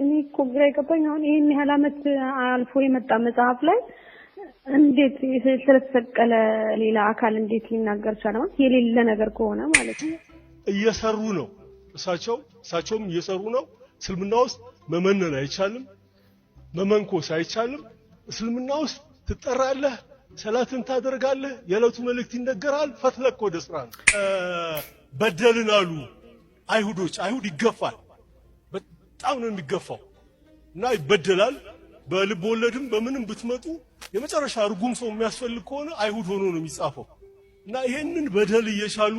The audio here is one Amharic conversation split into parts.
እኔ እኮ ግራ የገባኝ አሁን ይህን ያህል አመት አልፎ የመጣ መጽሐፍ ላይ እንዴት ስለተሰቀለ ሌላ አካል እንዴት ሊናገር ቻለ? ማለት የሌለ ነገር ከሆነ ማለት ነው። እየሰሩ ነው እሳቸው እሳቸውም እየሰሩ ነው። እስልምና ውስጥ መመነን አይቻልም፣ መመንኮስ አይቻልም። እስልምና ውስጥ ትጠራለህ፣ ሰላትን ታደርጋለህ፣ የዕለቱ መልእክት ይነገራል። ፈትለክ ወደ ስራ በደልን አሉ አይሁዶች። አይሁድ ይገፋል በጣም ነው የሚገፋው እና ይበደላል። በልብ ወለድም በምንም ብትመጡ የመጨረሻ ርጉም ሰው የሚያስፈልግ ከሆነ አይሁድ ሆኖ ነው የሚጻፈው እና ይሄንን በደል እየቻሉ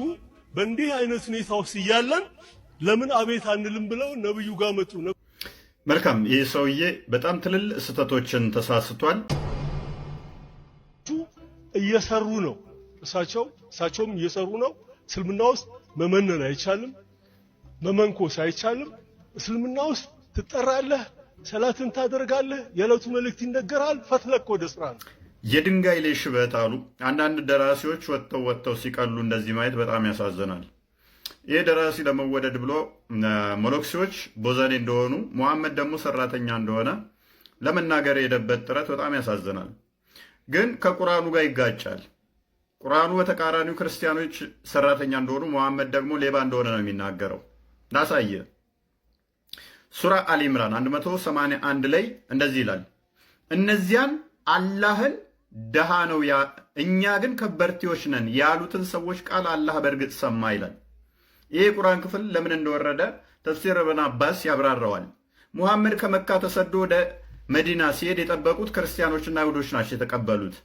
በእንዲህ አይነት ሁኔታ ውስጥ እያለን ለምን አቤት አንልም ብለው ነብዩ ጋር መጡ። መልካም ይህ ሰውዬ በጣም ትልል ስህተቶችን ተሳስቷል እየሰሩ ነው እሳቸው እሳቸውም እየሰሩ ነው። እስልምና ውስጥ መመነን አይቻልም፣ መመንኮስ አይቻልም። እስልምና ውስጥ ትጠራለህ፣ ሰላትን ታደርጋለህ፣ የዕለቱ መልእክት ይነገራል፣ ፈትለቅ ወደ ስራ ነው። የድንጋይ ላይ ሽበት አሉ አንዳንድ ደራሲዎች ወጥተው ወጥተው ሲቀሉ እንደዚህ ማየት በጣም ያሳዝናል። ይህ ደራሲ ለመወደድ ብሎ ሞሎክሲዎች ቦዘኔ እንደሆኑ ሙሐመድ ደግሞ ሰራተኛ እንደሆነ ለመናገር የሄደበት ጥረት በጣም ያሳዝናል። ግን ከቁርአኑ ጋር ይጋጫል። ቁርአኑ በተቃራኒው ክርስቲያኖች ሰራተኛ እንደሆኑ፣ ሙሐመድ ደግሞ ሌባ እንደሆነ ነው የሚናገረው። ላሳየ ሱራ አሊ ኢምራን 181 ላይ እንደዚህ ይላል፣ እነዚያን አላህን ደሃ ነው እኛ ግን ከበርቴዎች ነን ያሉትን ሰዎች ቃል አላህ በእርግጥ ሰማ ይላል። ይህ የቁርአን ክፍል ለምን እንደወረደ ተፍሲር ኢብን አባስ ያብራራዋል። ሙሐመድ ከመካ ተሰዶ ወደ መዲና ሲሄድ የጠበቁት ክርስቲያኖችና አይሁዶች ናቸው የተቀበሉት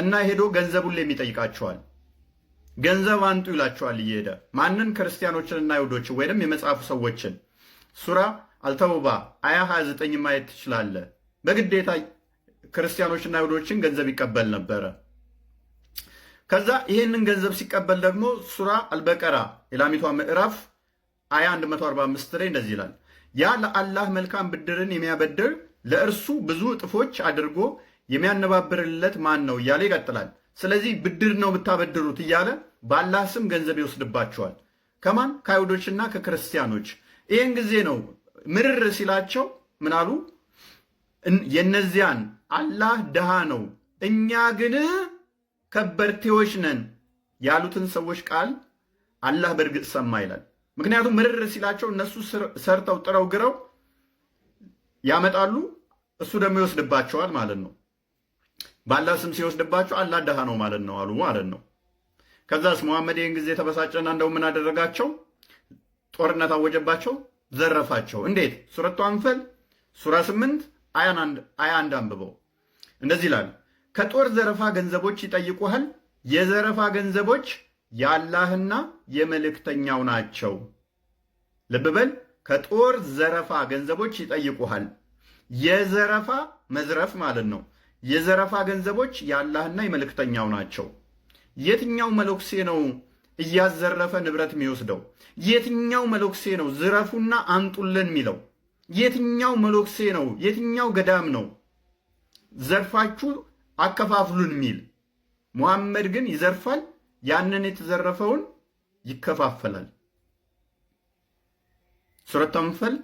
እና ሄዶ ገንዘቡን ላይ የሚጠይቃቸዋል። ገንዘብ አንጡ ይላቸዋል እየሄደ ማንን? ክርስቲያኖችንና አይሁዶችን ወይንም የመጽሐፉ ሰዎችን ሱራ አልተውባ አያ 29 ማየት ትችላለህ። በግዴታ ክርስቲያኖችና አይሁዶችን ገንዘብ ይቀበል ነበረ። ከዛ ይህንን ገንዘብ ሲቀበል ደግሞ ሱራ አልበቀራ የላሚቷ ምዕራፍ አያ 145 ላይ እንደዚህ ይላል፣ ያ ለአላህ መልካም ብድርን የሚያበድር ለእርሱ ብዙ እጥፎች አድርጎ የሚያነባብርለት ማን ነው እያለ ይቀጥላል። ስለዚህ ብድር ነው ብታበድሩት እያለ በአላህ ስም ገንዘብ ይወስድባቸዋል። ከማን ከአይሁዶችና ከክርስቲያኖች። ይህን ጊዜ ነው ምርር ሲላቸው ምን አሉ? አላህ ድሃ ነው እኛ ግን ከበርቴዎች ነን ያሉትን ሰዎች ቃል አላህ በእርግጥ ሰማ ይላል። ምክንያቱም ምርር ሲላቸው እነሱ ሰርተው ጥረው ግረው ያመጣሉ፣ እሱ ደግሞ ይወስድባቸዋል ማለት ነው። ባላ ስም ሲወስድባቸው አላህ ድሃ ነው ማለት ነው አሉ ማለት ነው። ከዛስ መሐመድ ይህን ጊዜ ተበሳጨና እንደው ምን አደረጋቸው? ጦርነት አወጀባቸው። ዘረፋቸው። እንዴት? ሱረቱ አንፈል ሱራ 8 አያ አንድ አንብበው እንደዚህ ይላል። ከጦር ዘረፋ ገንዘቦች ይጠይቁሃል። የዘረፋ ገንዘቦች የአላህና የመልእክተኛው ናቸው። ልብ በል። ከጦር ዘረፋ ገንዘቦች ይጠይቁሃል። የዘረፋ መዝረፍ ማለት ነው። የዘረፋ ገንዘቦች የአላህና የመልእክተኛው ናቸው። የትኛው መነኩሴ ነው እያዘረፈ ንብረት የሚወስደው? የትኛው መሎክሴ ነው ዝረፉና አንጡልን የሚለው? የትኛው መሎክሴ ነው? የትኛው ገዳም ነው ዘርፋችሁ አከፋፍሉን የሚል? ሙሐመድ ግን ይዘርፋል፣ ያንን የተዘረፈውን ይከፋፈላል። ሱረት ተንፈል።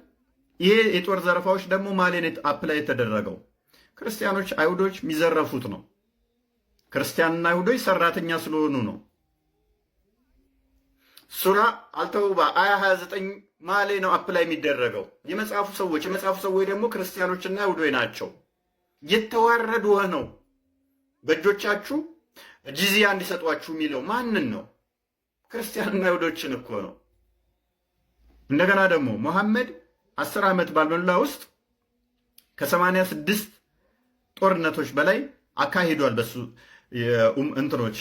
ይሄ የጦር ዘረፋዎች ደግሞ ማሌን አፕላይ የተደረገው ክርስቲያኖች አይሁዶች የሚዘረፉት ነው። ክርስቲያንና አይሁዶች ሰራተኛ ስለሆኑ ነው። ሱራ አልተውባ አያ 29 ማሌ ነው አፕላይ የሚደረገው። የመጽሐፉ ሰዎች የመጽሐፉ ሰዎች ደግሞ ክርስቲያኖችና አይሁዶች ናቸው። የተዋረዱ ነው በእጆቻችሁ ጂዚያ እንዲሰጧችሁ የሚለው ማንን ነው? ክርስቲያንና ይሁዶችን እኮ ነው። እንደገና ደግሞ መሐመድ አስር ዓመት ባልሞላ ውስጥ ከሰማንያ ስድስት ጦርነቶች በላይ አካሂዷል በሱ እንትኖች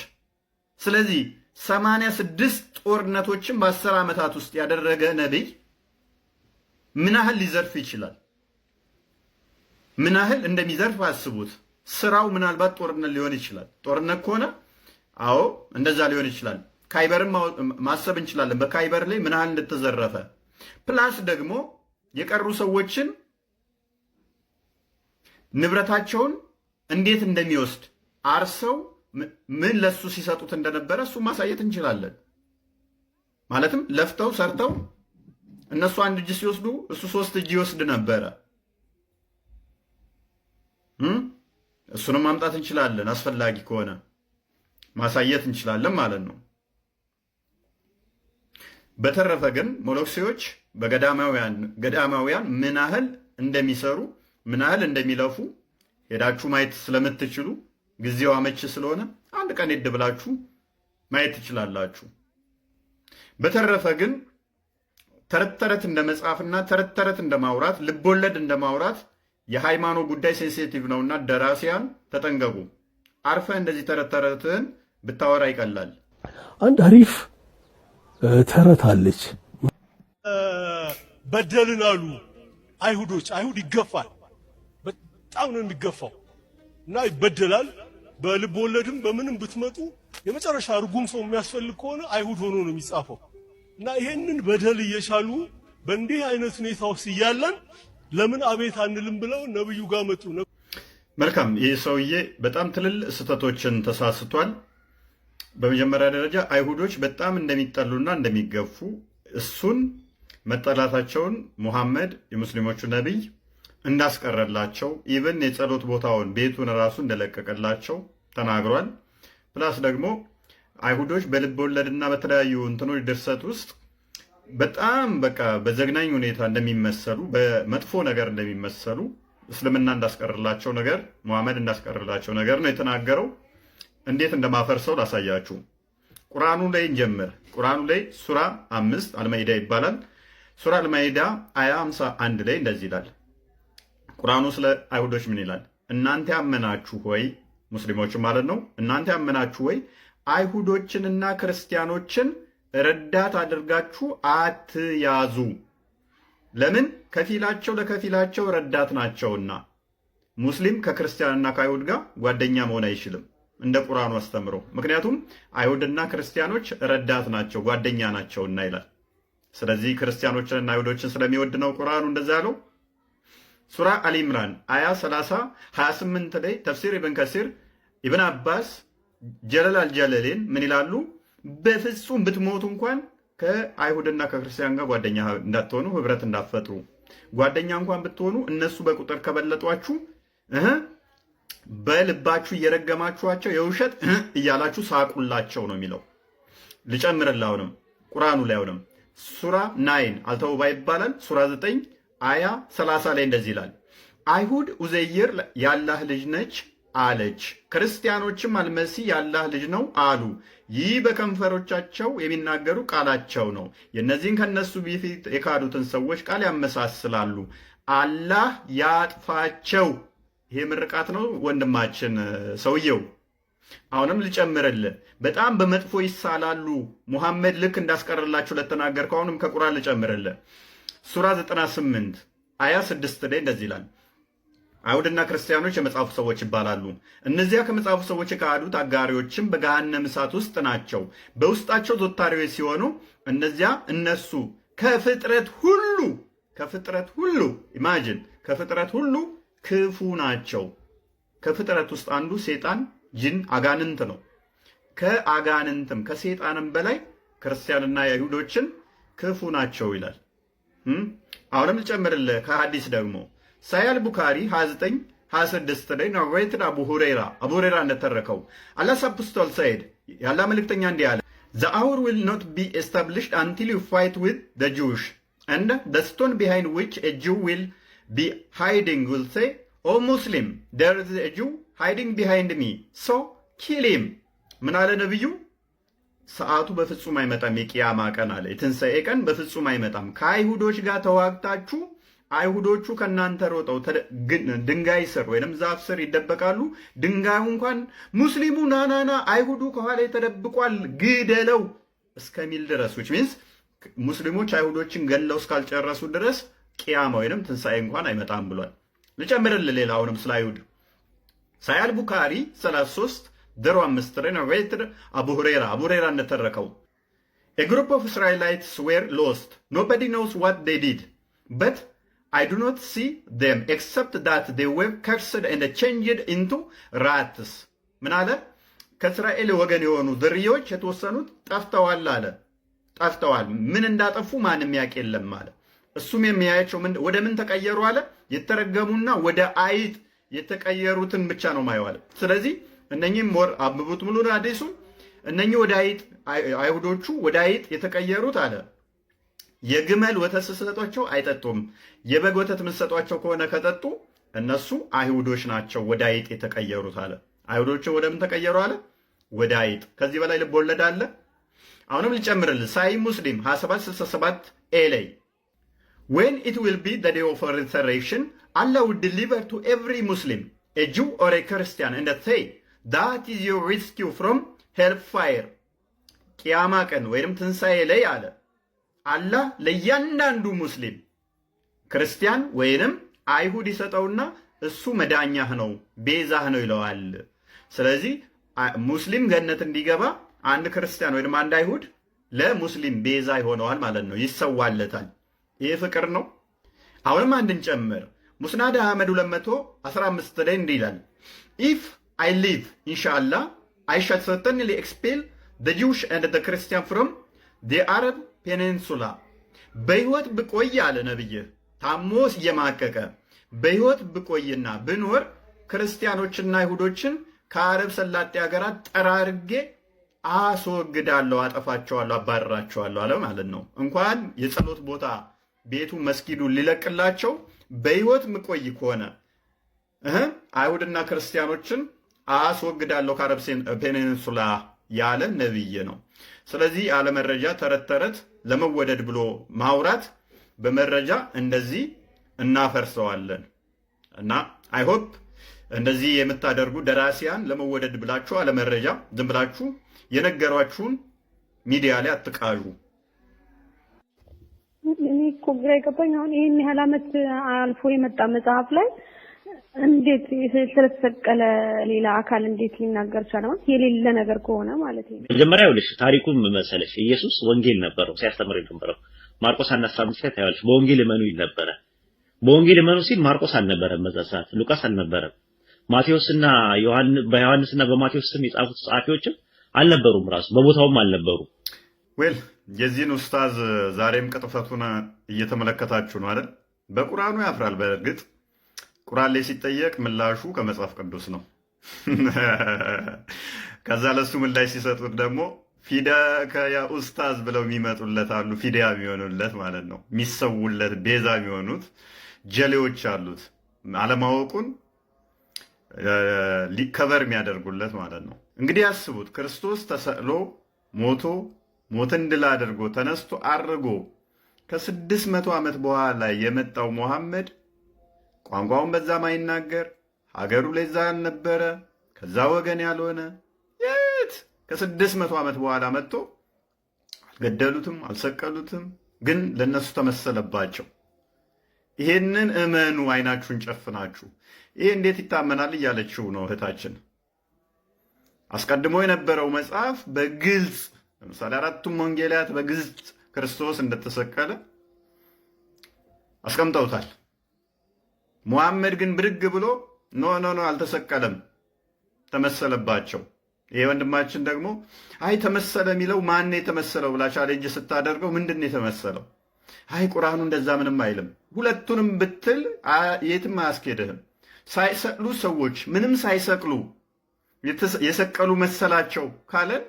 ስለዚህ ሰማንያ ስድስት ጦርነቶችን በአስር ዓመታት ውስጥ ያደረገ ነቢይ ምን ያህል ሊዘርፍ ይችላል? ምን ያህል እንደሚዘርፍ አስቡት። ስራው ምናልባት ጦርነት ሊሆን ይችላል። ጦርነት ከሆነ አዎ እንደዛ ሊሆን ይችላል። ካይበርን ማሰብ እንችላለን። በካይበር ላይ ምን ያህል እንደተዘረፈ ፕላስ ደግሞ የቀሩ ሰዎችን ንብረታቸውን እንዴት እንደሚወስድ አርሰው ምን ለሱ ሲሰጡት እንደነበረ እሱ ማሳየት እንችላለን። ማለትም ለፍተው ሰርተው እነሱ አንድ እጅ ሲወስዱ እሱ ሶስት እጅ ይወስድ ነበረ። እሱንም ማምጣት እንችላለን። አስፈላጊ ከሆነ ማሳየት እንችላለን ማለት ነው። በተረፈ ግን ሞሎክሴዎች በገዳማውያን ምን ያህል እንደሚሰሩ ምን ያህል እንደሚለፉ ሄዳችሁ ማየት ስለምትችሉ ጊዜው አመቺ ስለሆነ አንድ ቀን ሄድ ብላችሁ ማየት ትችላላችሁ። በተረፈ ግን ተረት ተረት እንደ መጽሐፍና ተረት ተረት እንደ ማውራት ልቦለድ እንደ ማውራት የሃይማኖት ጉዳይ ሴንሲቲቭ ነውና ደራሲያን ተጠንቀቁ። አርፈ እንደዚህ ተረት ተረትህን ብታወራ ይቀላል። አንድ አሪፍ ተረት አለች። በደልን አሉ አይሁዶች። አይሁድ ይገፋል፣ በጣም ነው የሚገፋው እና ይበደላል በልብ ወለድም በምንም ብትመጡ የመጨረሻ ርጉም ሰው የሚያስፈልግ ከሆነ አይሁድ ሆኖ ነው የሚጻፈው። እና ይሄንን በደል እየቻሉ በእንዲህ አይነት ሁኔታ ውስጥ እያለን ለምን አቤት አንልም ብለው ነብዩ ጋር መጡ። መልካም ይህ ሰውዬ በጣም ትልል ስህተቶችን ተሳስቷል። በመጀመሪያ ደረጃ አይሁዶች በጣም እንደሚጠሉና እንደሚገፉ እሱን መጠላታቸውን ሙሐመድ የሙስሊሞቹ ነቢይ እንዳስቀረላቸው ኢቨን የጸሎት ቦታውን ቤቱን ራሱ እንደለቀቀላቸው ተናግሯል። ፕላስ ደግሞ አይሁዶች በልብ ወለድና በተለያዩ እንትኖች ድርሰት ውስጥ በጣም በቃ በዘግናኝ ሁኔታ እንደሚመሰሉ በመጥፎ ነገር እንደሚመሰሉ እስልምና እንዳስቀርላቸው ነገር መሐመድ እንዳስቀርላቸው ነገር ነው የተናገረው። እንዴት እንደማፈርሰው ላሳያችሁ። ቁርአኑ ላይ እንጀምር። ቁርአኑ ላይ ሱራ አምስት አልማይዳ ይባላል። ሱራ አልማይዳ አያ 51 ላይ እንደዚህ ይላል ቁርአኑ ስለ አይሁዶች ምን ይላል? እናንተ ያመናችሁ ወይ ሙስሊሞች ማለት ነው። እናንተ ያመናችሁ ወይ አይሁዶችንና ክርስቲያኖችን ረዳት አድርጋችሁ አትያዙ። ለምን? ከፊላቸው ለከፊላቸው ረዳት ናቸውና። ሙስሊም ከክርስቲያንና ከአይሁድ ጋር ጓደኛ መሆን አይችልም እንደ ቁርአኑ አስተምሮ። ምክንያቱም አይሁድና ክርስቲያኖች ረዳት ናቸው ጓደኛ ናቸውና ይላል። ስለዚህ ክርስቲያኖችንና አይሁዶችን ስለሚወድ ነው ቁርአኑ እንደዛ ያለው። ሱራ አሊምራን አያ 30 28 ላይ ተፍሲር ኢብን ከሲር ኢብን አባስ ጀለል አልጀለሌን ምን ይላሉ? በፍጹም ብትሞቱ እንኳን ከአይሁድና ከክርስቲያን ጋር ጓደኛ እንዳትሆኑ ህብረት እንዳትፈጥሩ፣ ጓደኛ እንኳን ብትሆኑ እነሱ በቁጥር ከበለጧችሁ በልባችሁ እየረገማችኋቸው የውሸት እያላችሁ ሳቁላቸው ነው የሚለው። ልጨምርልህ አሁንም ቁርአኑ ላይ አሁንም ሱራ ናይን አልተውባ ይባላል ሱራ ዘጠኝ አያ 30 ላይ እንደዚህ ይላል፣ አይሁድ ኡዘይር ያላህ ልጅ ነች አለች፣ ክርስቲያኖችም አልመሲ ያላህ ልጅ ነው አሉ። ይህ በከንፈሮቻቸው የሚናገሩ ቃላቸው ነው። የእነዚህን ከነሱ በፊት የካዱትን ሰዎች ቃል ያመሳስላሉ። አላህ ያጥፋቸው። ይሄ ምርቃት ነው ወንድማችን ሰውየው። አሁንም ልጨምርልህ፣ በጣም በመጥፎ ይሳላሉ። ሙሐመድ ልክ እንዳስቀረላችሁ ለተናገርከው አሁንም ከቁራን ልጨምርልህ ሱራ 98 አያ 6 ላይ እንደዚህ ይላል። አይሁድና ክርስቲያኖች የመጽሐፉ ሰዎች ይባላሉ። እነዚያ ከመጽሐፉ ሰዎች የካዱት አጋሪዎችም በገሃነም እሳት ውስጥ ናቸው። በውስጣቸው ዞታሪዎች ሲሆኑ እነዚያ እነሱ ከፍጥረት ሁሉ ከፍጥረት ሁሉ ኢማጅን ከፍጥረት ሁሉ ክፉ ናቸው። ከፍጥረት ውስጥ አንዱ ሴጣን፣ ጅን፣ አጋንንት ነው። ከአጋንንትም ከሴጣንም በላይ ክርስቲያንና የአይሁዶችን ክፉ ናቸው ይላል። አሁንም ልጨምርልህ ከሀዲስ ደግሞ ሳያል ቡካሪ 29 26 ላይ ናሬትድ አቡ ሁሬራ አቡ ሁሬራ እንደተረከው አላህ አፖስቶል ሰይድ ያለ መልእክተኛ እንዲህ አለ ዘ አውር ዊል ኖት ቢ ኤስታብሊሽድ አንቲል ዩ ፋይት ዊዝ ደ ጁሽ እንደ ደ ስቶን ቢሃይንድ ዊች ኤ ጂው ዊል ቢ ሃይዲንግ ዊል ሴ ኦ ሙስሊም ደር ኢዝ ኤ ጂው ሃይዲንግ ቢሃይንድ ሚ ሶ ኪሊም ምን አለ ነቢዩ ሰዓቱ በፍጹም አይመጣም። የቅያማ ቀን አለ የትንሣኤ ቀን በፍጹም አይመጣም። ከአይሁዶች ጋር ተዋግታችሁ አይሁዶቹ ከእናንተ ሮጠው ድንጋይ ስር ወይም ዛፍ ስር ይደበቃሉ። ድንጋዩ እንኳን ሙስሊሙ ናናና አይሁዱ ከኋላ ተደብቋል ግደለው እስከሚል ድረስ ዊች ሚንስ ሙስሊሞች አይሁዶችን ገለው እስካልጨረሱ ድረስ ቅያማ ወይም ትንሣኤ እንኳን አይመጣም ብሏል። ልጨምርልህ ሌላ አሁንም ስለ አይሁድ ሳያል ቡካሪ 33 ደሮ አምስት ሬን ዌትር አቡ ሁሬራ አቡ ሁሬራ እንደተረከው a group of Israelites were lost. Nobody knows what they did, but I do not see them except that they were cursed and changed into rats. ከእስራኤል ወገን የሆኑ ዝርያዎች የተወሰኑት ጠፍተዋል አለ። ጠፍተዋል፣ ምን እንዳጠፉ ማንም ያውቅ የለም አለ። እሱም የሚያያቸው ወደ ምን ተቀየሩ አለ። የተረገሙና ወደ አይጥ የተቀየሩትን ብቻ ነው ማየው ስለዚህ እነኚህም ወር አብቡት ሙሉ አዲሱም እነኚህ ወደ አይጥ አይሁዶቹ ወደ አይጥ የተቀየሩት አለ የግመል ወተት ስትሰጧቸው አይጠጡም። የበግ ወተት የምትሰጧቸው ከሆነ ከጠጡ እነሱ አይሁዶች ናቸው ወደ አይጥ የተቀየሩት አለ። አይሁዶቹ ወደምን ተቀየሩ አለ? ወደ አይጥ። ከዚህ በላይ ልብ ወለድ አለ? አሁንም ልጨምርልህ። ሳይ ሙስሊም 2767 ኤ ላይ ዌን ኢት ዊል ቢ ዘ ዴይ ኦፍ ሪዘሬክሽን አላህ ውድ ዲሊቨር ቱ ኤቭሪ ሙስሊም ኤ ጂው ኦር ኤ ክርስቲያን እንደ ሴይ ዳት ኢዝ ዮር ሪስኪው ፍሮም ሄልፋየር ቅያማ ቀን ወይም ትንሣኤ ላይ አለ አላህ ለእያንዳንዱ ሙስሊም ክርስቲያን ወይንም አይሁድ ይሰጠውና እሱ መዳኛህ ነው ቤዛህ ነው ይለዋል። ስለዚህ ሙስሊም ገነት እንዲገባ አንድ ክርስቲያን ወይም አንድ አይሁድ ለሙስሊም ቤዛ ይሆነዋል ማለት ነው፣ ይሰዋለታል። ይህ ፍቅር ነው። አሁንም አንድን ጨምር ሙስናድ አህመድ 215 ላይ እንዲህ ይላል ኢፍ I live, inshallah, I shall certainly expel the Jewish and the Christian from the Arab Peninsula. በህይወት ብቆይ አለ ነብይህ ታሞስ እየማቀቀ በህይወት ብቆይና ብኖር ክርስቲያኖችና አይሁዶችን ከአረብ ሰላጤ ሀገራት ጠራርጌ አስወግዳለሁ፣ አጠፋቸዋለሁ፣ አባረራቸዋለሁ አለ ማለት ነው። እንኳን የጸሎት ቦታ ቤቱ መስጊዱ ሊለቅላቸው በህይወት ምቆይ ከሆነ አይሁድና ክርስቲያኖችን አስወግዳለሁ ከአረብ ፔኒንሱላ ያለ ነብይ ነው። ስለዚህ አለመረጃ ተረት ተረት ለመወደድ ብሎ ማውራት በመረጃ እንደዚህ እናፈርሰዋለን እና አይሆፕ እንደዚህ የምታደርጉ ደራሲያን ለመወደድ ብላችሁ አለመረጃ ዝም ብላችሁ የነገሯችሁን ሚዲያ ላይ አትቃዡ። እኔ እኮ ግራ የገባኝ አሁን ይህን ያህል ዓመት አልፎ የመጣ መጽሐፍ ላይ እንዴት ስለተሰቀለ ሌላ አካል እንዴት ሊናገር ቻለ? ማለት የሌለ ነገር ከሆነ ማለት ነው። መጀመሪያ ይኸውልሽ ታሪኩም መሰለሽ ኢየሱስ ወንጌል ነበረው ሲያስተምር የነበረው ማርቆስ አናሳም ላይ ታያለሽ። በወንጌል እመኑ ይል ነበረ። በወንጌል እመኑ ሲል ማርቆስ አልነበረም በዛ ሰዓት፣ ሉቃስ አልነበረም፣ ማቴዎስና ዮሐንስ በዮሐንስና በማቴዎስ ስም የጻፉት ጸሐፊዎችም አልነበሩም፣ ራሱ በቦታውም አልነበሩም። ዌል የዚህን ኡስታዝ ዛሬም ቅጥፈቱን እየተመለከታችሁ ነው አይደል? በቁርአኑ ያፍራል በእርግጥ ቁራሌ ሲጠየቅ ምላሹ ከመጽሐፍ ቅዱስ ነው። ከዛ ለሱ ምላሽ ሲሰጡት ደግሞ ፊዳ ከያ ኡስታዝ ብለው የሚመጡለት አሉ። ፊዲያ የሚሆኑለት ማለት ነው፣ የሚሰውለት ቤዛ የሚሆኑት ጀሌዎች አሉት። አለማወቁን ሊከበር የሚያደርጉለት ማለት ነው። እንግዲህ ያስቡት ክርስቶስ ተሰቅሎ ሞቶ ሞትን ድል አድርጎ ተነስቶ አርጎ ከስድስት መቶ ዓመት በኋላ የመጣው መሐመድ ቋንቋውን በዛ ማይናገር ሀገሩ ለዛ ያልነበረ ከዛ ወገን ያልሆነ የት ከስድስት መቶ ዓመት በኋላ መጥቶ አልገደሉትም፣ አልሰቀሉትም፣ ግን ለእነሱ ተመሰለባቸው። ይሄንን እመኑ፣ አይናችሁን ጨፍናችሁ። ይሄ እንዴት ይታመናል እያለችው ነው እህታችን። አስቀድሞ የነበረው መጽሐፍ በግልጽ ለምሳሌ አራቱም ወንጌላት በግልጽ ክርስቶስ እንደተሰቀለ አስቀምጠውታል። ሙሐመድ ግን ብድግ ብሎ ኖ ኖ ኖ አልተሰቀለም ተመሰለባቸው። ይሄ ወንድማችን ደግሞ አይ ተመሰለ የሚለው ማን ነው የተመሰለው ብላ ቻሌንጅ ስታደርገው ምንድን የተመሰለው? አይ ቁርአኑ እንደዛ ምንም አይልም። ሁለቱንም ብትል የትም አያስኬድህም። ሳይሰቅሉ ሰዎች ምንም ሳይሰቅሉ የሰቀሉ መሰላቸው ካለን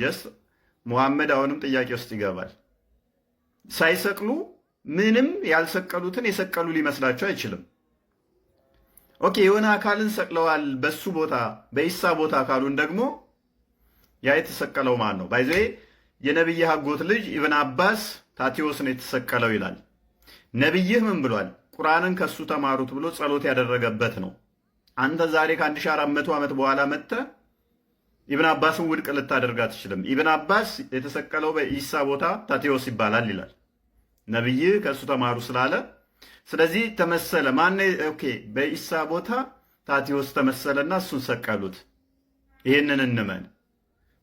ጀስ ሙሐመድ አሁንም ጥያቄ ውስጥ ይገባል። ሳይሰቅሉ ምንም ያልሰቀሉትን የሰቀሉ ሊመስላቸው አይችልም። ኦኬ የሆነ አካልን ሰቅለዋል በሱ ቦታ በኢሳ ቦታ አካሉን ደግሞ ያ የተሰቀለው ማን ነው? ባይዘ የነቢይ ሀጎት ልጅ ኢብን አባስ ታቴዎስ ነው የተሰቀለው ይላል። ነቢይህ ምን ብሏል? ቁርአንን ከሱ ተማሩት ብሎ ጸሎት ያደረገበት ነው። አንተ ዛሬ ከ1400 ዓመት በኋላ መጥተ ኢብን አባስን ውድቅ ልታደርግ አትችልም። ኢብን አባስ የተሰቀለው በኢሳ ቦታ ታቴዎስ ይባላል ይላል። ነቢይህ ከእሱ ተማሩ ስላለ ስለዚህ ተመሰለ ማነ ኦኬ በኢሳ ቦታ ታቲዎስ ተመሰለና እሱን ሰቀሉት። ይህንን እንመን።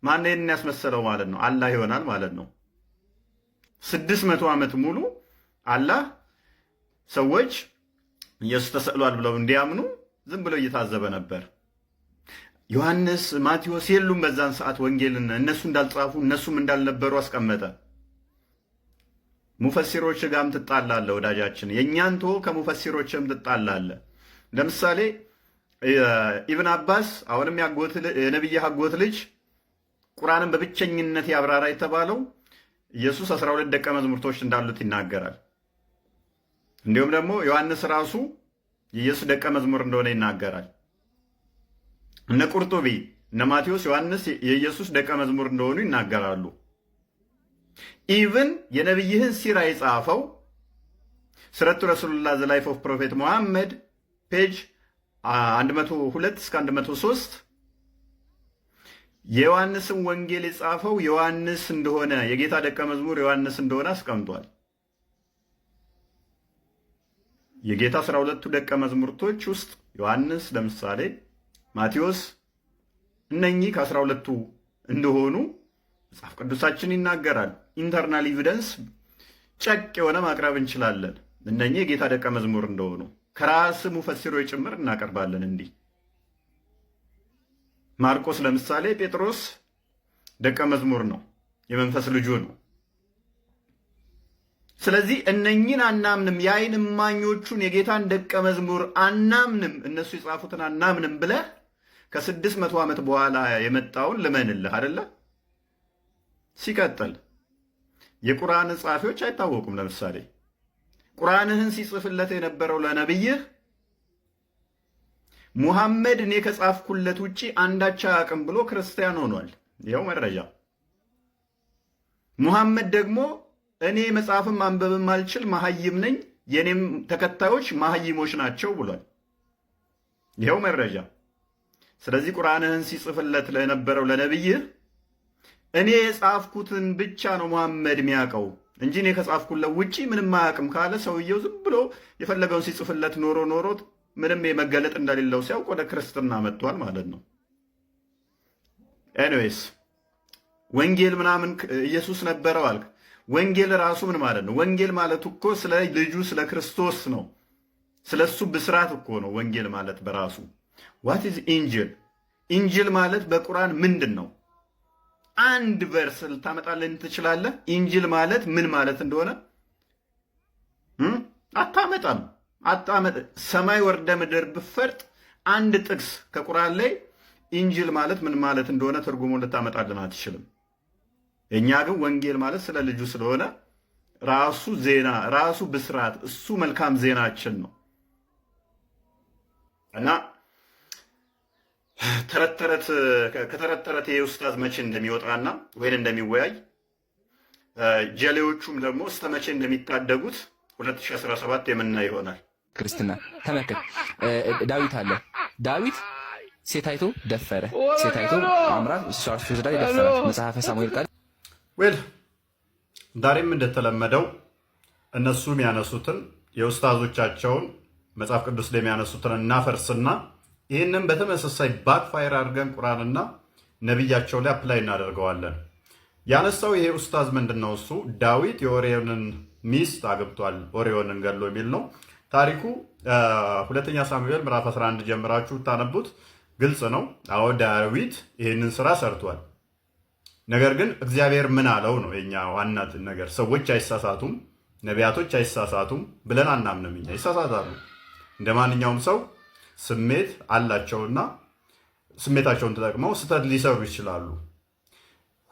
ማነ ይህንን ያስመሰለው ማለት ነው አላህ ይሆናል ማለት ነው። ስድስት መቶ ዓመት ሙሉ አላህ ሰዎች ኢየሱስ ተሰቅሏል ብለው እንዲያምኑ ዝም ብለው እየታዘበ ነበር። ዮሐንስ ማቴዎስ የሉም በዛን ሰዓት ወንጌልን እነሱ እንዳልጻፉ እነሱም እንዳልነበሩ አስቀመጠ። ሙፈሲሮች ጋም ትጣላለ። ወዳጃችን የእኛን ቶ ከሙፈሲሮችም ትጣላለ። ለምሳሌ ኢብን አባስ አሁንም የነቢይ አጎት ልጅ ቁርአንን በብቸኝነት ያብራራ የተባለው ኢየሱስ 12 ደቀ መዝሙርቶች እንዳሉት ይናገራል። እንዲሁም ደግሞ ዮሐንስ ራሱ የኢየሱስ ደቀ መዝሙር እንደሆነ ይናገራል። እነ ቁርጡቢ፣ እነ ማቴዎስ ዮሐንስ የኢየሱስ ደቀ መዝሙር እንደሆኑ ይናገራሉ። ኢቭን የነቢይህን ሲራ የጻፈው ስረቱ ረሱሉላ ዘ ላይፍ ኦፍ ፕሮፌት ሙሐመድ ፔጅ 102 እስከ 103 የዮሐንስን ወንጌል የጻፈው ዮሐንስ እንደሆነ የጌታ ደቀ መዝሙር ዮሐንስ እንደሆነ አስቀምጧል። የጌታ አስራ ሁለቱ ደቀ መዝሙርቶች ውስጥ ዮሐንስ ለምሳሌ፣ ማቴዎስ እነኚህ ከአስራ ሁለቱ እንደሆኑ መጽሐፍ ቅዱሳችን ይናገራል። ኢንተርናል ኤቪደንስ ጨቅ የሆነ ማቅረብ እንችላለን። እነኚህ የጌታ ደቀ መዝሙር እንደሆኑ ከራስ ሙፈሲሮች ጭምር እናቀርባለን። እንዲህ ማርቆስ ለምሳሌ ጴጥሮስ ደቀ መዝሙር ነው፣ የመንፈስ ልጁ ነው። ስለዚህ እነኚህን አናምንም፣ የአይን እማኞቹን የጌታን ደቀ መዝሙር አናምንም፣ እነሱ የጻፉትን አናምንም ብለህ ከስድስት መቶ ዓመት በኋላ የመጣውን ልመንልህ አደለ? ሲቀጥል የቁርአን ጸሐፊዎች አይታወቁም። ለምሳሌ ቁርአንህን ሲጽፍለት የነበረው ለነብይህ ሙሐመድ እኔ ከጻፍኩለት ውጪ አንዳች አያውቅም ብሎ ክርስቲያን ሆኗል። ይኸው መረጃ። ሙሐመድ ደግሞ እኔ መጽሐፍም ማንበብም አልችል መሐይም ነኝ፣ የእኔም ተከታዮች መሐይሞች ናቸው ብሏል። ይኸው መረጃ። ስለዚህ ቁርአንህን ሲጽፍለት ለነበረው ለነብይህ እኔ የጻፍኩትን ብቻ ነው መሐመድ የሚያውቀው እንጂ እኔ ከጻፍኩለት ውጪ ምንም አያውቅም ካለ ሰውየው ዝም ብሎ የፈለገውን ሲጽፍለት ኖሮ ኖሮት ምንም የመገለጥ እንደሌለው ሲያውቅ ወደ ክርስትና መጥቷል ማለት ነው። ኤኒዌይስ ወንጌል ምናምን ኢየሱስ ነበረው አልክ። ወንጌል ራሱ ምን ማለት ነው? ወንጌል ማለት እኮ ስለ ልጁ ስለ ክርስቶስ ነው። ስለ እሱ ብስራት እኮ ነው ወንጌል ማለት በራሱ። ዋት ኢዝ ኢንጅል? ኢንጅል ማለት በቁርአን ምንድን ነው? አንድ ቨርስ ልታመጣልን ትችላለህ? ኢንጅል ማለት ምን ማለት እንደሆነ አታመጣም። አጣመጥ ሰማይ ወርደ ምድር ብፈርጥ አንድ ጥቅስ ከቁርአን ላይ ኢንጅል ማለት ምን ማለት እንደሆነ ትርጉሙን ልታመጣልን አትችልም። እኛ ግን ወንጌል ማለት ስለ ልጁ ስለሆነ ራሱ ዜና ራሱ ብስራት፣ እሱ መልካም ዜናችን ነው እና ተረት ተረት የኡስታዝ መቼ እንደሚወጣና ወይን እንደሚወያይ ጀሌዎቹም ደግሞ እስከ መቼ እንደሚታደጉት 2017 የምናይ ይሆናል። ክርስትና ተመልከት፣ ዳዊት አለ ዳዊት ሴታይቶ ደፈረ፣ ሴታይቶ አምራን ሷርሽ ወስዳ ደፈረ። መጽሐፈ ሳሙኤል ቃል ዌል ዛሬም እንደተለመደው እነሱም ያነሱትን የኡስታዞቻቸውን መጽሐፍ ቅዱስ ላይ የሚያነሱትን እናፈርስና ይህንን በተመሳሳይ ባክፋየር አድርገን ቁርአንና ነቢያቸው ላይ አፕላይ እናደርገዋለን። ያነሳው ይሄ ኡስታዝ ምንድን ነው እሱ ዳዊት የኦሪዮንን ሚስት አግብቷል ኦሪዮንን ገሎ የሚል ነው ታሪኩ። ሁለተኛ ሳሙኤል ምዕራፍ 11 ጀምራችሁ ታነቡት ግልጽ ነው። አዎ ዳዊት ይህንን ስራ ሰርቷል። ነገር ግን እግዚአብሔር ምን አለው ነው የኛ ዋና ነገር። ሰዎች አይሳሳቱም፣ ነቢያቶች አይሳሳቱም ብለን አናምንም። እኛ ይሳሳታሉ እንደ ማንኛውም ሰው ስሜት አላቸውና ስሜታቸውን ተጠቅመው ስህተት ሊሰሩ ይችላሉ።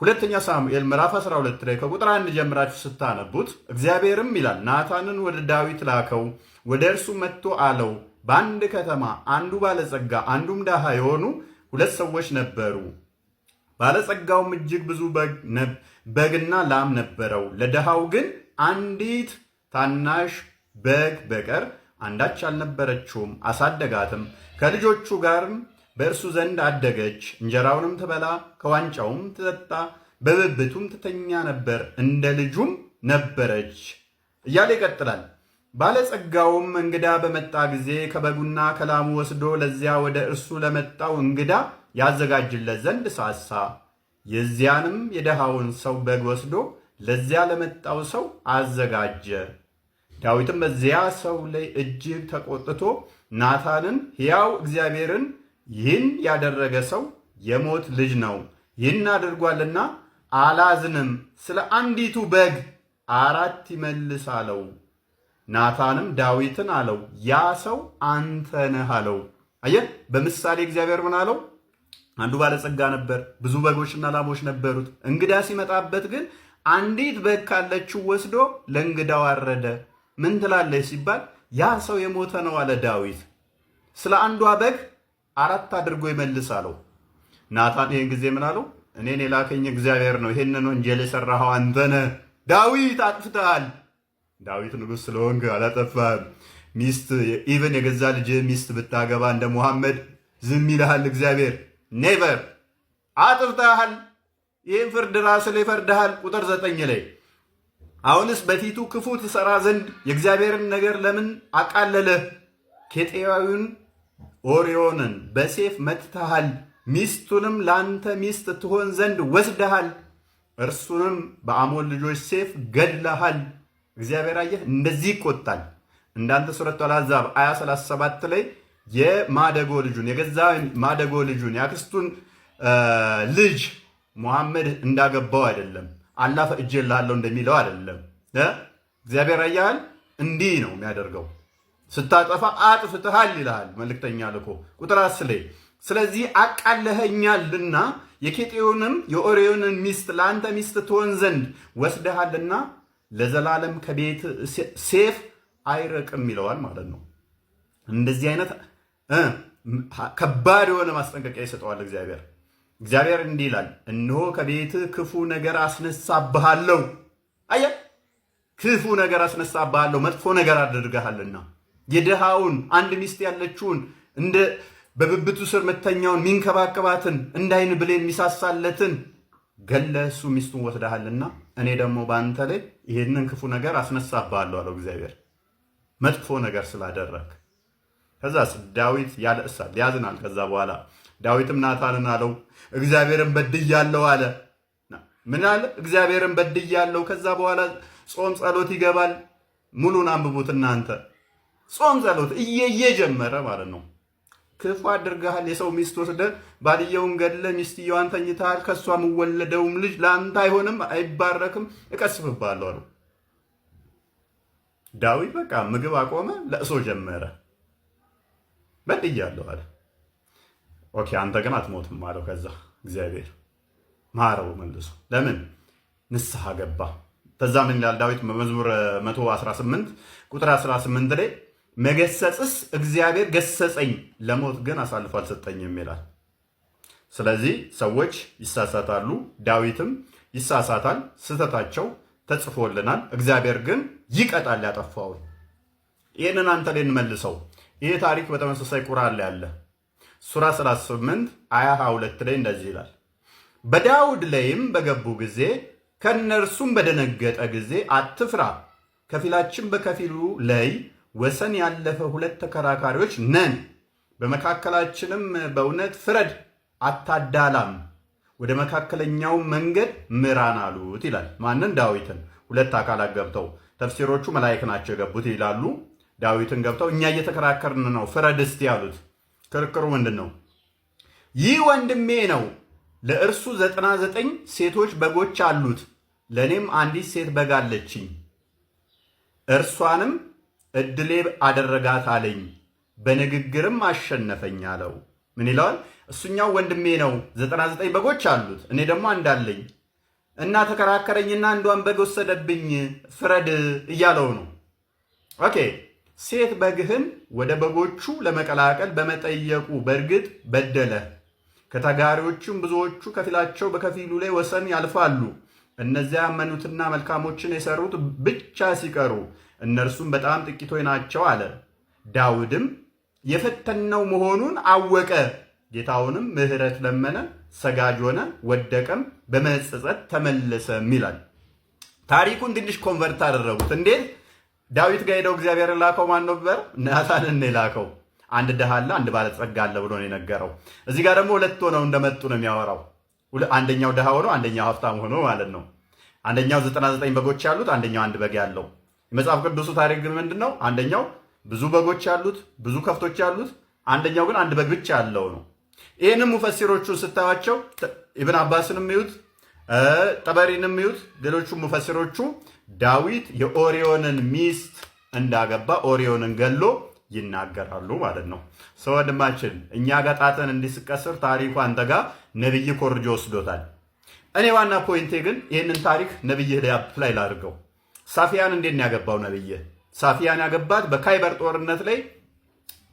ሁለተኛ ሳሙኤል ምዕራፍ 12 ላይ ከቁጥር አንድ ጀምራችሁ ስታነቡት እግዚአብሔርም ይላል ናታንን ወደ ዳዊት ላከው፣ ወደ እርሱ መጥቶ አለው በአንድ ከተማ አንዱ ባለጸጋ አንዱም ዳሃ የሆኑ ሁለት ሰዎች ነበሩ። ባለጸጋውም እጅግ ብዙ በግና ላም ነበረው፣ ለድሃው ግን አንዲት ታናሽ በግ በቀር አንዳች አልነበረችውም፣ አሳደጋትም። ከልጆቹ ጋርም በእርሱ ዘንድ አደገች። እንጀራውንም ትበላ ከዋንጫውም ትጠጣ በብብቱም ትተኛ ነበር፣ እንደ ልጁም ነበረች እያለ ይቀጥላል። ባለጸጋውም እንግዳ በመጣ ጊዜ ከበጉና ከላሙ ወስዶ ለዚያ ወደ እርሱ ለመጣው እንግዳ ያዘጋጅለት ዘንድ ሳሳ። የዚያንም የደሃውን ሰው በግ ወስዶ ለዚያ ለመጣው ሰው አዘጋጀ። ዳዊትም በዚያ ሰው ላይ እጅግ ተቆጥቶ ናታንን ሕያው እግዚአብሔርን ይህን ያደረገ ሰው የሞት ልጅ ነው፣ ይህን አድርጓልና አላዝንም፣ ስለ አንዲቱ በግ አራት ይመልስ አለው። ናታንም ዳዊትን አለው፣ ያ ሰው አንተ ነህ አለው። አየህ፣ በምሳሌ እግዚአብሔር ምን አለው? አንዱ ባለጸጋ ነበር፣ ብዙ በጎችና ላሞች ነበሩት። እንግዳ ሲመጣበት ግን አንዲት በግ ካለችው ወስዶ ለእንግዳው አረደ። ምን ትላለህ ሲባል ያ ሰው የሞተ ነው አለ ዳዊት። ስለ አንዷ በግ አራት አድርጎ ይመልስ አለው። ናታን ይህን ጊዜ ምን አለው? እኔን የላከኝ እግዚአብሔር ነው፣ ይህንን ወንጀል የሰራኸው አንተነ ዳዊት፣ አጥፍተሃል። ዳዊት ንጉሥ ስለሆንክ አላጠፋህም። ሚስት ኢቨን የገዛ ልጅ ሚስት ብታገባ እንደ ሙሐመድ ዝም ይልሃል እግዚአብሔር። ኔቨር አጥፍተሃል። ይህን ፍርድ ራስ ላይ ፈርድሃል። ቁጥር ዘጠኝ ላይ አሁንስ በፊቱ ክፉ ትሰራ ዘንድ የእግዚአብሔርን ነገር ለምን አቃለለህ? ኬጤያዊውን ኦርዮንን በሴፍ መትተሃል፣ ሚስቱንም ለአንተ ሚስት ትሆን ዘንድ ወስደሃል፣ እርሱንም በአሞን ልጆች ሴፍ ገድለሃል። እግዚአብሔር አየህ እንደዚህ ይቆጣል። እንዳንተ ሱረቱ አልአሕዛብ አያ 37 ላይ የማደጎ ልጁን የገዛ ማደጎ ልጁን የአክስቱን ልጅ ሙሐመድ እንዳገባው አይደለም አላፈ እጄ ላለው እንደሚለው አይደለም። እግዚአብሔር አያል እንዲህ ነው የሚያደርገው። ስታጠፋ አጥፍትሃል ይልሃል መልክተኛ ልኮ ቁጥር አስ ላይ ስለዚህ አቃለኸኛልና የኬጤዮንም የኦሪዮንን ሚስት ለአንተ ሚስት ትሆን ዘንድ ወስደሃልና ለዘላለም ከቤት ሴፍ አይረቅም ይለዋል ማለት ነው። እንደዚህ አይነት ከባድ የሆነ ማስጠንቀቂያ ይሰጠዋል እግዚአብሔር። እግዚአብሔር እንዲህ ይላል፣ እነሆ ከቤትህ ክፉ ነገር አስነሳብሃለሁ። አየህ፣ ክፉ ነገር አስነሳብሃለሁ፣ መጥፎ ነገር አድርገሃልና የድሃውን አንድ ሚስት ያለችውን እንደ በብብቱ ስር መተኛውን ሚንከባከባትን እንዳይን ብሌን የሚሳሳለትን ገለሱ እሱ ሚስቱን ወስደሃልና እኔ ደግሞ በአንተ ላይ ይህንን ክፉ ነገር አስነሳብሃለሁ አለው እግዚአብሔር መጥፎ ነገር ስላደረግ። ከዛስ ዳዊት ያለእሳል፣ ያዝናል። ከዛ በኋላ ዳዊትም ናታንን አለው እግዚአብሔርን በድያለሁ አለ። ምን አለ? እግዚአብሔርን በድያለሁ። ከዛ በኋላ ጾም ጸሎት ይገባል። ሙሉን አንብቡት እናንተ ጾም ጸሎት እየየ ጀመረ ማለት ነው። ክፉ አድርገሃል። የሰው ሚስት ወስደ ባልየውን ገድለ ሚስትየዋን ተኝተሃል። ከእሷ የምወለደውም ልጅ ለአንተ አይሆንም፣ አይባረክም፣ እቀስፍብሃለሁ አለው። ዳዊት በቃ ምግብ አቆመ፣ ለእሶ ጀመረ። በድያለሁ አለ። ኦኬ አንተ ግን አትሞትም አለው። ከዛ እግዚአብሔር ማረው መልሶ ለምን ንስሐ ገባ። ከዛ ምን ይላል ዳዊት በመዝሙር 118 ቁጥር 18 ላይ መገሰጽስ እግዚአብሔር ገሰጸኝ፣ ለሞት ግን አሳልፎ አልሰጠኝም ይላል። ስለዚህ ሰዎች ይሳሳታሉ፣ ዳዊትም ይሳሳታል። ስህተታቸው ተጽፎልናል። እግዚአብሔር ግን ይቀጣል ያጠፋውን። ይህንን አንተ ላይ እንመልሰው። ይህ ታሪክ በተመሳሳይ ቁርአን ላይ አለ። ሱራ 38 አያ 22 ላይ እንደዚህ ይላል። በዳውድ ላይም በገቡ ጊዜ ከእነርሱም በደነገጠ ጊዜ አትፍራ፣ ከፊላችን በከፊሉ ላይ ወሰን ያለፈ ሁለት ተከራካሪዎች ነን፣ በመካከላችንም በእውነት ፍረድ፣ አታዳላም፣ ወደ መካከለኛው መንገድ ምራን አሉት ይላል። ማንን? ዳዊትን። ሁለት አካላት ገብተው ተፍሲሮቹ መላይክ ናቸው የገቡት ይላሉ። ዳዊትን ገብተው እኛ እየተከራከርን ነው፣ ፍረድ እስቲ አሉት። ክርክሩ ምንድን ነው? ይህ ወንድሜ ነው። ለእርሱ ዘጠና ዘጠኝ ሴቶች በጎች አሉት፣ ለእኔም አንዲት ሴት በግ አለችኝ። እርሷንም እድሌ አደረጋት አለኝ፣ በንግግርም አሸነፈኝ አለው። ምን ይለዋል? እሱኛው ወንድሜ ነው፣ ዘጠና ዘጠኝ በጎች አሉት፣ እኔ ደግሞ አንዳለኝ እና ተከራከረኝና አንዷን በግ ወሰደብኝ፣ ፍረድ እያለው ነው። ኦኬ ሴት በግህን ወደ በጎቹ ለመቀላቀል በመጠየቁ በእርግጥ በደለ። ከተጋሪዎቹም ብዙዎቹ ከፊላቸው በከፊሉ ላይ ወሰን ያልፋሉ። እነዚያ ያመኑትና መልካሞችን የሰሩት ብቻ ሲቀሩ እነርሱም በጣም ጥቂቶች ናቸው አለ። ዳውድም የፈተነው መሆኑን አወቀ። ጌታውንም ምሕረት ለመነ፣ ሰጋጅ ሆነ፣ ወደቀም፣ በመጸጸት ተመለሰም ይላል። ታሪኩን ትንሽ ኮንቨርት አደረጉት። እንዴት ዳዊት ጋር ሄደው እግዚአብሔር ላከው ማን ነበር? ናታንን የላከው። አንድ ድሃ አለ፣ አንድ ባለጸጋ አለ ብሎ ነው የነገረው። እዚህ ጋር ደግሞ ሁለት ሆነው እንደመጡ ነው የሚያወራው። አንደኛው ድሃ ሆኖ አንደኛው ሀብታም ሆኖ ማለት ነው። አንደኛው 99 በጎች ያሉት፣ አንደኛው አንድ በግ ያለው። የመጽሐፍ ቅዱሱ ታሪክ ግን ምንድን ነው? አንደኛው ብዙ በጎች ያሉት፣ ብዙ ከፍቶች ያሉት፣ አንደኛው ግን አንድ በግ ብቻ ያለው ነው። ይህንም ሙፈሲሮቹን ስታዩቸው ኢብን አባስንም ይዩት፣ ጠበሪንም ይዩት፣ ሌሎቹ ሙፈሲሮቹ ዳዊት የኦሪዮንን ሚስት እንዳገባ ኦሪዮንን ገሎ ይናገራሉ ማለት ነው። ሰው ወንድማችን እኛ ገጣጠን እንዲስቀስር ታሪኩ አንተ ጋር ነብይ ኮርጆ ወስዶታል። እኔ ዋና ፖይንቴ ግን ይህንን ታሪክ ነብይህ ላይ አፕላይ ላድርገው። ሳፊያን እንዴት ነው ያገባው? ነብይህ ሳፊያን ያገባት በካይበር ጦርነት ላይ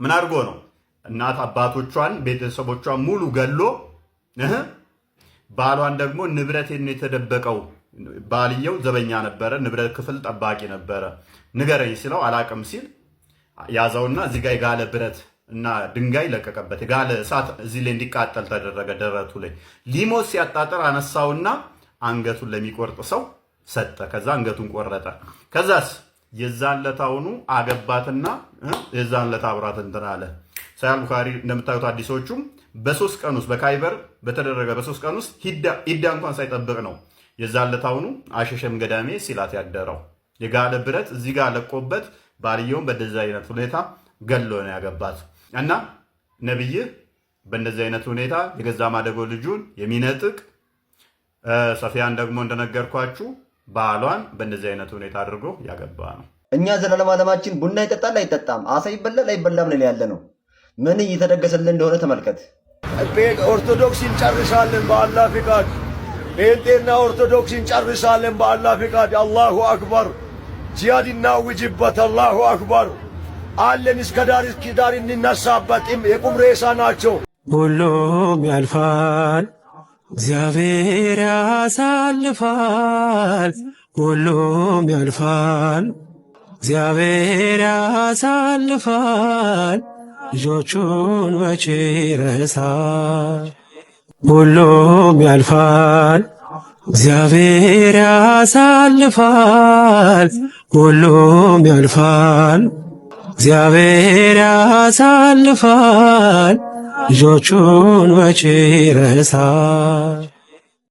ምን አድርጎ ነው? እናት አባቶቿን ቤተሰቦቿን ሙሉ ገሎ ባሏን ደግሞ ንብረቴን የተደበቀው ባልየው ዘበኛ ነበረ፣ ንብረት ክፍል ጠባቂ ነበረ። ንገረኝ ሲለው አላቅም ሲል ያዘውና እዚህ ጋ የጋለ ብረት እና ድንጋይ ለቀቀበት። የጋለ እሳት እዚህ ላይ እንዲቃጠል ተደረገ። ደረቱ ላይ ሊሞት ሲያጣጥር አነሳውና አንገቱን ለሚቆርጥ ሰው ሰጠ። ከዛ አንገቱን ቆረጠ። ከዛስ የዛን ለታውኑ አገባትና የዛን ለታ አብራት እንትን አለ። ሳያል ቡካሪ እንደምታዩት አዲሶቹም በሶስት ቀን ውስጥ በካይበር በተደረገ በሶስት ቀን ውስጥ ሂዳ እንኳን ሳይጠብቅ ነው የዛለታውኑ አሸሸም ገዳሜ ሲላት ያደረው የጋለ ብረት እዚህ ጋር ለቆበት ባልየውን በእንደዚህ አይነት ሁኔታ ገሎ ነው ያገባት እና ነብይህ በእንደዚህ አይነት ሁኔታ የገዛ ማደጎ ልጁን የሚነጥቅ ሰፊያን ደግሞ እንደነገርኳችሁ ባህሏን በእንደዚህ አይነት ሁኔታ አድርጎ ያገባ ነው። እኛ ዘላለም ዓለማችን ቡና ይጠጣል አይጠጣም፣ አሳ ይበላል አይበላም ነው ያለ ነው። ምን እየተደገሰልን እንደሆነ ተመልከት። ኦርቶዶክስ እንጨርሳለን በአላህ ፍቃድ ጴንጤና ኦርቶዶክስን ጨርሳለን በአላህ ፍቃድ። አላሁ አክበር። ጂሃድ እናውጅበት። አላሁ አክበር አለን እስከ ዳር እስኪ ዳር እንነሳበት። የቁም ሬሳ ናቸው። ሁሉም ያልፋል፣ እግዚአብሔር ያሳልፋል። ሁሉም ያልፋል፣ እግዚአብሔር ያሳልፋል። ልጆቹን መቼ ረሳል? ሁሉም ያልፋል፣ እግዚአብሔር ያሳልፋል። ሁሉም ያልፋል፣ እግዚአብሔር ያሳልፋል። ልጆቹን መቼ ረሳል?